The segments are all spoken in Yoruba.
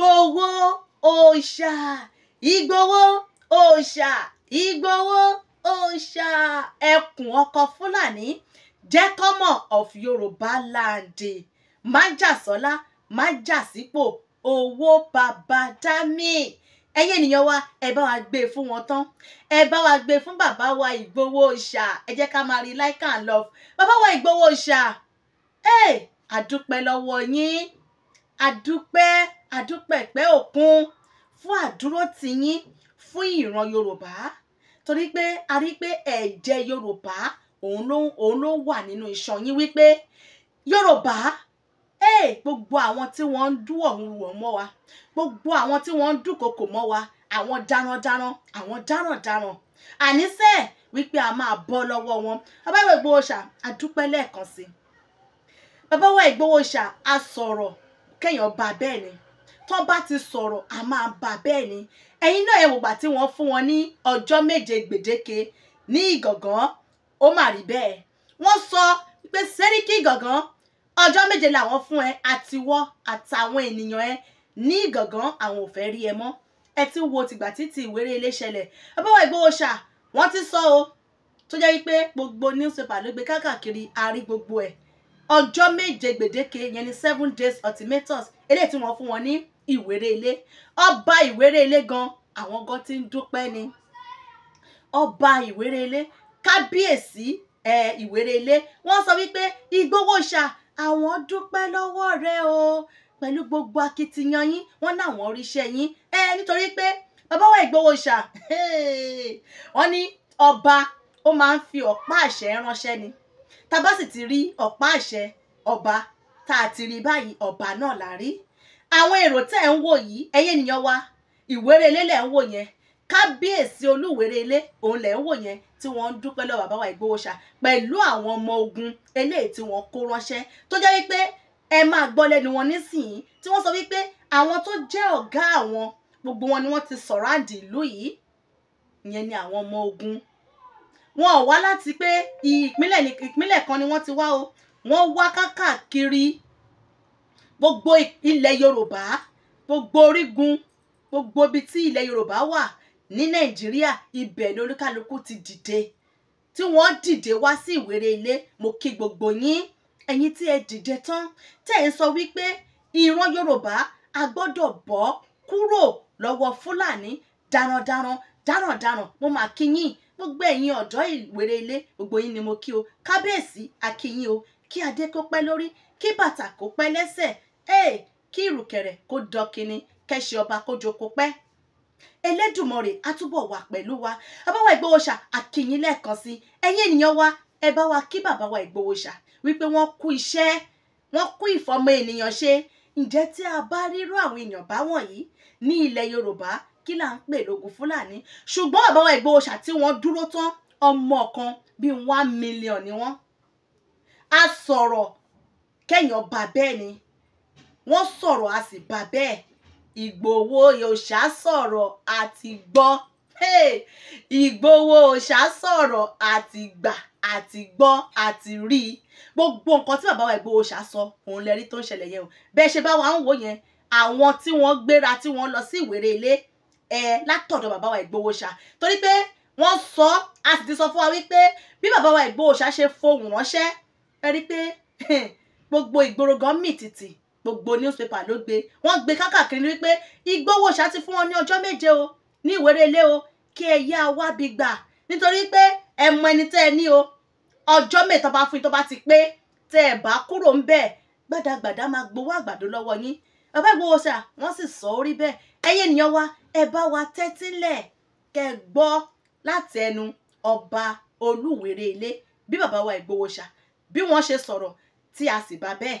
ìgbowó òòṣà ìgbowó òòṣà ìgbowó òòṣà ẹkùn ọkọ fúlàní jẹ́kọ́mọ̀ of yorùbá land májàsọ́lá májàsípò owó bàbá dámì ẹ̀yin ènìyàn wa ẹ bá wa gbé e fún wọn tán ẹ bá wa gbé e fún bàbá wa ìgbowó òòṣà ẹ jẹ́ ká máa rí like and love bàbá wa ìgbowó òòṣà ẹ àdúpẹ́ lọ́wọ́ yín àdúpẹ́ àdúpẹ̀pẹ́ òkun fún àdúró tìyín fún ìran yorùbá torí pé a rí pé ẹ̀jẹ̀ yorùbá òun ló òun ló wà nínú iṣan yín wípé yorùbá ee gbogbo àwọn tí wọ́n ń dú ọ̀hún wọ̀ mọ́ wa gbogbo àwọn tí wọ́n ń dúnkokò mọ́ wa àwọn darandaran àwọn darandaran àníṣe wípé a máa bọ́ lọ́wọ́ wọn abáwọ̀ ìgbòhòṣà àdúpẹ́ lẹ́ẹ̀kan sí bàbá wa a sọ̀rọ̀ kéèyàn bá bẹ́ẹ̀ ni tó bá ti sọ̀rọ̀ a máa bà bẹ́ẹ̀ ni ẹ̀yin náà ẹ wògbà tí wọ́n fún wọn ní ọjọ́ méje gbèdéke ní ìgàngán ó mà rí bẹ́ẹ̀ wọ́n sọ pé sẹ́ríkì ìgàngán ọjọ́ méje làwọn fún ẹ àtiwọ́ àtàwọn ènìyàn ẹ ní ìgàngán àwọn ò fẹ́ rí ẹ mọ́ ẹ ti wo tìgbà títí ìwéré ilé ṣẹlẹ̀ ọbẹ̀wọ̀ Ìgbòho ṣà wọ́n ti sọ o tó jẹ́ wípé gbogbo newspaper ló gbé káàkiri àárí gbogbo ẹ̀ ọjọ́ méje gbèdéke yẹn ni seven days ultimatums eléyìí tí wọ́n fún wọn ní ìwéré ilé ọba ìwéré ilé gan àwọn gan ti ń dúpẹ́ ni ọba ìwéré ilé kábíyèsí ẹ ìwéré ilé wọ́n sọ wípé Ìgbòhòṣà àwọn dúpẹ́ lọ́wọ́ rẹ o pẹ̀lú gbogbo akitiyan yín wọ́n láwọn oríṣẹ́ yín ẹ nítorí pé bàbá wa Ìgbòhòṣà wọ́n ní ọba ó máa ń fi ọ̀pá àṣẹ ránṣẹ́ ni tá a bá sì ti rí ọ̀pá àṣẹ ọba tá a ti rí báyìí ọba náà la rí àwọn èrò tẹ́ ẹ̀ ń wò yìí ẹ̀yẹ́ ènìyàn wa ìwéré ilé lẹ̀ ń wò yẹn kábíyèsí olúwèrè ilé òun lẹ̀ ń wò yẹn tí wọ́n ń dúpẹ́ lọ́wọ́ bàbá wa Ìgbòho-ṣà pẹ̀lú àwọn ọmọ ogun eléyìí tí wọ́n kó ránṣẹ́ tó jẹ́ wípé ẹ máa gbọ́ lẹ́nu wọn nísìnyí tí wọ́n sọ wípé àwọn tó jẹ́ ọ̀gá àwọn gbogbo wọn ni wọ́n ti sọ̀ráǹdì ìlú yìí ìyẹn ni àwọn ọmọ ogun wọn ò wá láti pé ìpínlẹ̀ kan ni wọ́n ti wá o wọ́n wá káàkiri gbogbo ilẹ̀ yorùbá gbogbo orígun gbogbo ibi tí ilẹ̀ yorùbá wà ní nàìjíríà ibẹ̀ ni oníkálukú ti dìde tí wọ́n dìde wá sí ìwéré ilé mo kí gbogbo yín ẹ̀yin tí ẹ dìde tán tẹ́ ẹ sọ wípé ìran yorùbá a gbọ́dọ̀ bọ́ kúrò lọ́wọ́ fúlàní darandaran darandaran mo máa kí yín gbogbo ẹ̀yin ọ̀dọ́ ìwéré ilé gbogbo yín ni mo kí o kábíyèsí a kí yín o kí adé kó pẹ́ lórí kí bàtà kó pẹ́ lẹ́sẹ̀ hey, kí ìrùkẹ̀rẹ̀ kó dán kínní kẹ́sì ọba kó jókòó pẹ́ Elédùmarè á túbọ̀ wà pẹ̀lú wa abáwa Ìgbòho àkìyìn lẹ́ẹ̀kan sí ẹ̀yin ènìyàn wa ẹ bá wa kí bàbá wa Ìgbòho ṣà wípé wọ́n kú iṣẹ́ wọ́n kú ìfọmọ ènìyàn ṣe ǹjẹ́ tí a bá rírú àwọn èèyàn bá wọ̀nyí ní ilẹ̀ Yorùbá kí là ń pè lógun Fúlàní ṣùgbọ́n bàbá wa tí wọ́n dúró tán ọmọ kan bíi one million ni wọ́n a sọ̀rọ̀ kẹ́yìn ọba bẹ́ẹ̀ ni wọ́n sọ̀rọ̀ a sì bá bẹ́ẹ̀ Ìgbòho òòṣà sọ̀rọ̀ àti gbọ́ Ìgbòho òòṣà sọ̀rọ̀ àti gbà àti gbọ́ àti rí i gbogbo nǹkan tí bàbá wa Ìgbòho òòṣà sọ òun lẹ́rí tó ń ṣẹlẹ̀ yẹn o bẹ́ẹ̀ ṣe bá wa ń wò yẹn àwọn tí wọ́n gbéra tí wọ́n lọ sí ìwéré ilé ẹ̀ látọ̀dọ̀ bàbá wa Ìgbòho òòṣà torí pé wọ́n sọ a sì ti sọ fún wa wípé bí bàbá wa Ìgbòho òòṣà ṣe fohùn ránṣẹ́ ẹ rí i pé gbogbo ìgboro gan mì tìtì gbogbo newspaper ló gbé wọ́n gbé kákàkiri wípé Igbóhò ṣá ti fún wọn ní ọjọ́ méje o ní ìwérelé o kí ẹ yá wá bí gbà nítorí pé ẹ mọ ẹni tẹ́ ẹ ní o ọjọ́ mẹ́ta bá fún yín tó bá ti pé tẹ́ ẹ bá kúrò ń bẹ̀ gbàdàgbàdà máa gbowó àgbàdo lọ́wọ́ yín bàbá Ìgbòho ṣá wọ́n sì sọ orí bẹ́ẹ̀ ẹ̀yin ènìyàn wa ẹ bá wa tẹ́tílẹ̀ kẹ́ gbọ́ láti ẹnu ọba olúwerè ilé bí bàbá wa Ìgbòho ṣá bí wọ́n ṣe sọ̀rọ̀ tí a sì bá bẹ́ẹ̀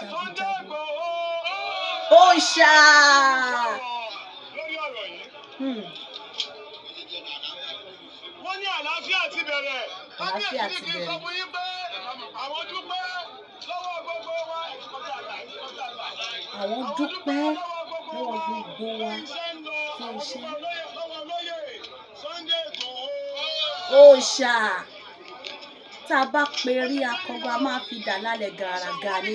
jagunjagun. ó ń ṣá. Hmm. wọ́n ní àlàáfíà ti bẹ̀rẹ̀. àlàáfíà ti bẹ̀rẹ̀. àwọn dúpẹ́ lọ́wọ́ gbogbo wa. àwọn dúpẹ́ lọ́wọ́ gbogbo wa fún iṣẹ́. ó ń ṣá tá a bá perí akọgbà máa fi dà lálẹ́ gàràgà ni.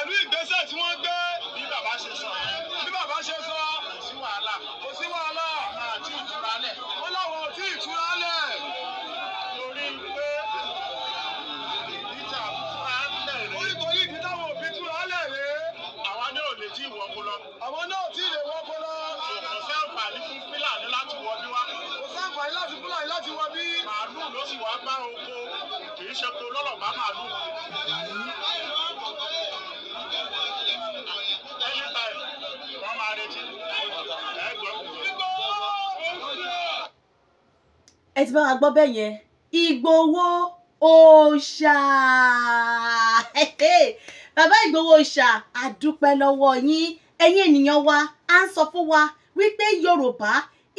pẹ̀lú ìgbésẹ̀ tí wọ́n gbé bí bàbá ṣe sọ bí bàbá ṣe sọ ẹ ti bá wa gbọ́ bẹ́ẹ̀ yẹn Ìgbòho òòṣà bàbá Ìgbòho òòṣà àdúpẹ́ lọ́wọ́ yín ẹ̀yin ènìyàn wa à ń sọ fún wa wípé Yorùbá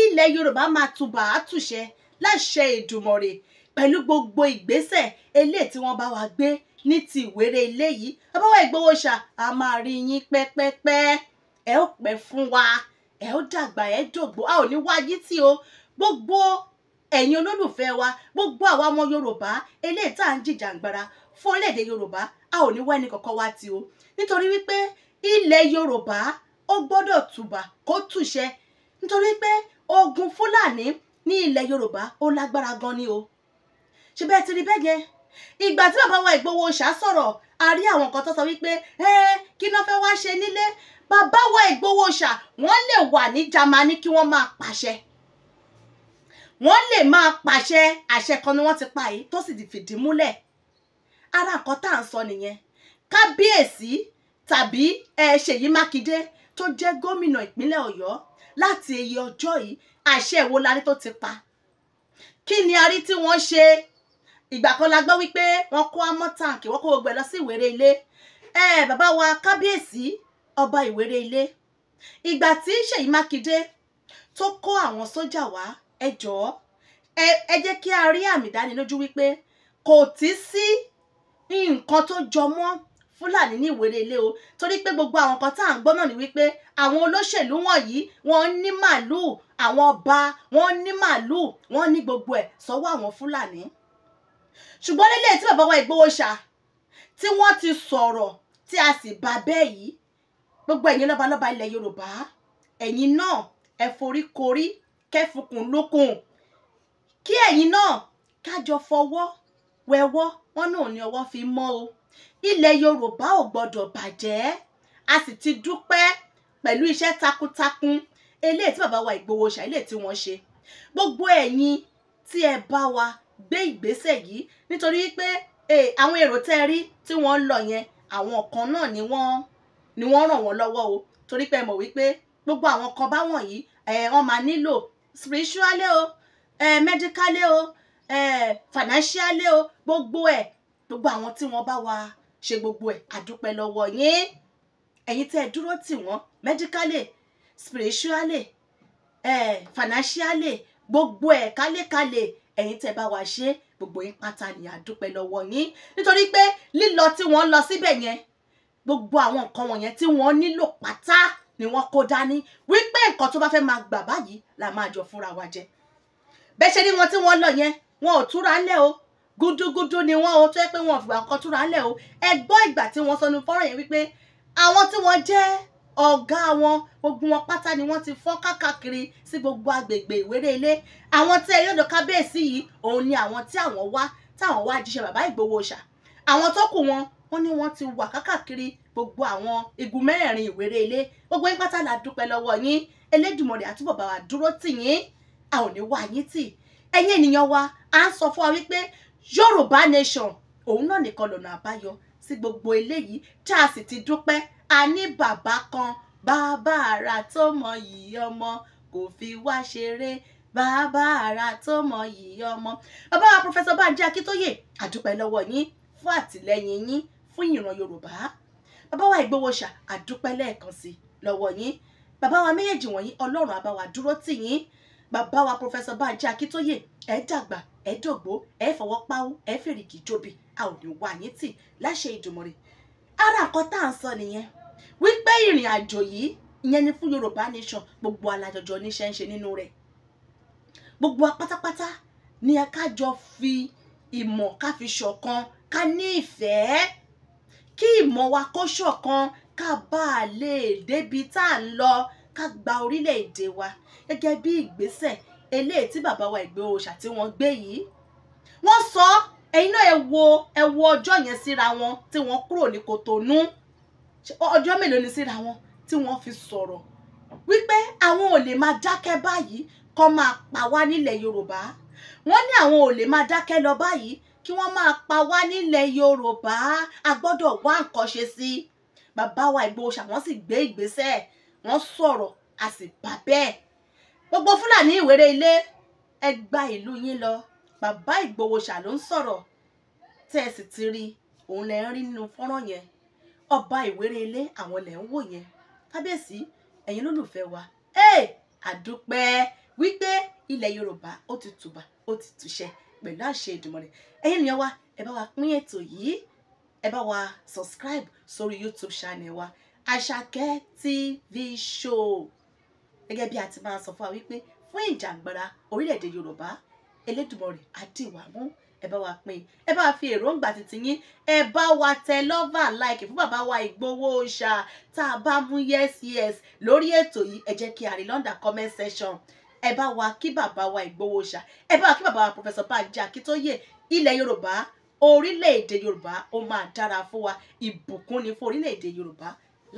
ilẹ̀ Yorùbá máa tùbà á tùṣẹ láṣẹ Èdùmàrè pẹ̀lú gbogbo ìgbésẹ̀ eléyìí tí wọ́n bá wa gbé ní ti ìwéré ilé yìí bàbá Ìgbòho òòṣà a máa rí yín pẹ́pẹ́pẹ́. ẹ ó pẹ́ fún wa ẹ ó dàgbà ẹ dògbò a ò ní o gbogbo ẹ̀yin olólùfẹ́ wa gbogbo àwa ọmọ yorùbá eléyìí tá à ń jìjàǹgbara fún Yoruba yorùbá a ò ní wá ẹnì kọ̀ọ̀kan wá o nítorí wípé ilẹ̀ yorùbá ó gbọ́dọ̀ tùbà kó nítorí pé ogun Fulani ní ilẹ̀ yorùbá ó lágbára gan ni o ṣe bẹ́ẹ̀ ti ri bẹ́ẹ̀ ìgbà tí bàbá wa Ìgbòho ṣá sọ̀rọ̀ a rí àwọn kan tó sọ wípé ẹ kí ló fẹ́ wá ṣe nílé bàbá wa Ìgbòho ṣá wọ́n lè wà ní Jámánì kí wọ́n máa pàṣẹ wọ́n lè máa pàṣẹ àṣẹ kan ni wọ́n ti pa yìí tó sì ti fìdí múlẹ̀ ara nǹkan tá à ń sọ nìyẹn kábíyèsí tàbí ẹ ṣèyí mákindé tó jẹ́ gómìnà ìpínlẹ̀ ọ̀yọ́ láti iye ọjọ́ yìí àṣẹ wo tó ti pa kí ni a rí tí wọ́n ṣe ìgbà kan la gbọ́ wípé wọ́n kó amọ́ tàǹkì wọ́n kó gbogbo ẹ̀ lọ sí ìwéré ilé ẹ bàbá wa kábíyèsí ọba ìwéré ilé ìgbà tí Ṣèyí Mákindé tó kó àwọn sójà wá ẹ jọ̀ọ́ ẹ jẹ́ kí a rí àmì ìdánilójú wípé kò tí sí nǹkan tó jọ mọ́ fúlàní ní ìwéré ilé o torí pé gbogbo àwọn kan tá à ń gbọ́ náà ni wípé àwọn olóṣèlú wọ̀nyí wọ́n ní màálù àwọn ọba wọ́n ní màálù wọ́n ní gbogbo ẹ̀ sọ́wọ́ àwọn fúlàní ṣùgbọ́n nílé tí bàbá wa Ìgbòho ṣá tí wọ́n ti sọ̀rọ̀ tí a sì bá bẹ́ẹ̀ yìí gbogbo ẹ̀yin lọ́balọ́ba ilẹ̀ Yorùbá ẹ̀yin náà ẹ forí korí kẹfùkùn lókun kí ẹ̀yin náà kájọ fọwọ́ wẹwọ́ wọn náà ní ọwọ́ fi mọ́ o ilẹ̀ Yorùbá ò gbọ́dọ̀ bàjẹ́ a sì ti dúpẹ́ pẹ̀lú iṣẹ́ takuntakun eléyìí tí bàbá wa Ìgbòho ṣá eléyìí tí wọ́n ṣe gbogbo ẹ̀yin tí ẹ bá wa gbé ìgbésẹ̀ yìí nítorí pé àwọn èrò tẹ́ rí tí wọ́n lọ yẹn àwọn kan náà ni wọ́n ni wọ́n ràn wọ́n lọ́wọ́ o torí pé mọ̀ wípé gbogbo àwọn kan bá wọ̀nyí wọ́n máa nílò spiritually o medically o financially o gbogbo ẹ̀ gbogbo àwọn tí wọ́n bá wa ṣe gbogbo ẹ̀ àdúpẹ́ lọ́wọ́ yín ẹ̀yin tẹ́ ẹ dúró tì wọ́n medically spiritually financially gbogbo ẹ̀ kálékalẹ̀ ẹ̀yin tẹ́ bá wa ṣe gbogbo yín pátá ni àdúpẹ́ lọ́wọ́ yín nítorí pé lílọ tí wọ́n lọ síbẹ̀ yẹn gbogbo àwọn nǹkan wọ̀nyẹn tí wọ́n nílò pátá ni wọ́n kó dání wípé nǹkan tó bá fẹ́ máa gbà báyìí la máa jọ fúnra wa jẹ bẹ́ẹ̀ ṣe ni wọn tí wọ́n lọ yẹn wọn ò túra lẹ̀ o gúdúgúdú ni wọn o tó yẹ pé wọn ò fìgbà kan túra lẹ̀ o ẹ gbọ́ ìgbà tí wọ́n sọ ní yẹn wípé àwọn tí wọ́n jẹ́ ọ̀gá wọn gbogbo wọn pátá ni wọ́n ti fọ́n kákàkiri sí gbogbo agbègbè ìwéré ilé àwọn tí ẹyọ́dọ̀ kábíyèsí yìí òun ni àwọn tí àwọn wá táwọn wá jíṣẹ́ bàbá Ìgbòho ṣà àwọn tó kù wọn wọ́n ní wọ́n ti wà kákàkiri gbogbo àwọn igun mẹ́rẹ̀ẹ̀rin ìwéré ilé gbogbo yín pátá la dúpẹ́ lọ́wọ́ yín Elédùmarè àtúbọ̀ bá wa dúró tì yín a ò ní wá yín tì ẹ̀yin ènìyàn wa à ń sọ fún wa wípé Yorùbá nation òun náà nìkan lọ́nà àbáyọ sí gbogbo eléyìí tá a sì ti dúpẹ́ a ní bàbá kan bàbá àrà tó mọ yìí ọmọ kò fi wá ṣeré bàbá àrà tó mọ yìí ọmọ. bàbá wa pọfẹsọ Bánjí Akíntóyè àdúpẹ́ lọ́wọ́ yín fún àtìlẹ́yìn yín fún ìran Yorùbá bàbá wa Ìgbòhoṣà àdúpẹ́ lẹ́ẹ̀kan sí lọ́wọ́ yín bàbá wa méjèèjì wọ̀nyí Ọlọ́run á wa dúró tì yín bàbá wa pọfẹsọ Bánjí Akíntóyè ẹ dàgbà ẹ dògbó ẹ fọwọ́ páwó ẹ fèrèkì jobi a ò ní wá yín tì láṣẹ Ìdùmarè ara nǹkan tá à ń sọ nìyẹn wípé ìrìn àjò yìí ìyẹn ni fún Yorùbá nation gbogbo alájọjọ níṣẹ́ ń ṣe nínú rẹ̀ gbogbo apátápátá ni a ká jọ fi ìmọ̀ ká fi ṣọ̀kan ká ní ìfẹ́ kí ìmọ̀ wa kó ṣọ̀kan ká bá a lè débi tá à ń lọ ká gba orílẹ̀-èdè wa gẹ́gẹ́ bí ìgbésẹ̀ eléyìí tí bàbá wa Ìgbòho tí wọ́n gbé yìí wọ́n sọ ọ́ ẹ̀yin náà ẹ wo ẹ wo ọjọ́ yẹn síra wọn tí wọ́n kúrò ní Kòtónú ọjọ́ mélòó ni síra wọn tí wọ́n fi sọ̀rọ̀ wípé àwọn ò lè máa dákẹ́ báyìí kọ́ máa pa wá nílẹ̀ Yorùbá wọ́n ní àwọn ò lè máa dákẹ́ lọ báyìí kí wọ́n máa pa wá nílẹ̀ Yorùbá a gbọ́dọ̀ wá nǹkan ṣe sí i bàbá wa Ìgbòho ṣá wọ́n sì gbé ìgbésẹ̀ wọ́n sọ̀rọ̀ a sì bà bẹ́ẹ̀ gbogbo Fúlàní ìwéré ilé ẹ gba ìlú yín lọ bàbá Ìgbòho ṣà ló ń sọ̀rọ̀ tẹ́ ẹ sì ti rí òun lẹ́ ń rí nínú fọ́nrán yẹn ọba ìwéré ilé àwọn lẹ́ ń wò yẹn kábíyèsí ẹ̀yin lólùfẹ́ wa ee àdúpẹ́ wípé ilẹ̀ Yorùbá ó ti tùbà ó ti tùṣẹ pẹ̀lú àṣẹ Èdùmàrè ẹ̀yin nìyẹn wa ẹ bá wa pín ètò yìí ẹ bá wa subscribe sórí YouTube channel wa Àṣàkẹ́ TV show gẹ́gẹ́ bí a ti máa sọ fún wa wípé fún ìjàngbara orílẹ̀-èdè Yorùbá Elédùmarè àti ìwà mú ẹ bá wa pín ẹ bá wa fi èròǹgbà títí yín ẹ bá wa tẹ lọ́và láìkì fún bàbá wa Ìgbòho Òòṣà tá a bá mú yes yes lórí ètò yìí ẹ jẹ́ kí a rí lọ́ndà comment section ẹ bá wa kí bàbá wa Ìgbòho Òòṣà ẹ bá wa kí bàbá wa Professor Banji Akíntóyè ilẹ̀ Yorùbá orílẹ̀-èdè Yorùbá ó máa dára fún wa ìbùkún ni fún orílẹ̀-èdè Yorùbá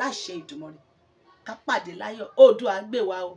láṣẹ Ìdùmarè ká pàdé láyọ̀ oòdùà gbè wá o.